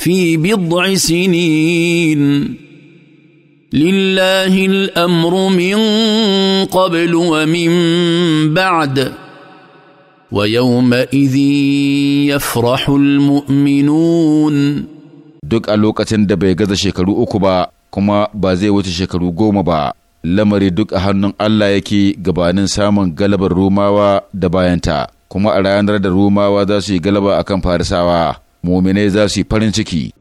في بضع سنين لله الامر من قبل ومن بعد ويومئذ يفرح المؤمنون duk a lokacin da bai gaza shekaru uku ba kuma ba zai wuce shekaru goma ba lamari duk a hannun Allah yake gabanin samun galabar Rumawa da bayanta kuma a ranar da Rumawa za su yi galaba akan Farisawa muminai za su yi farin ciki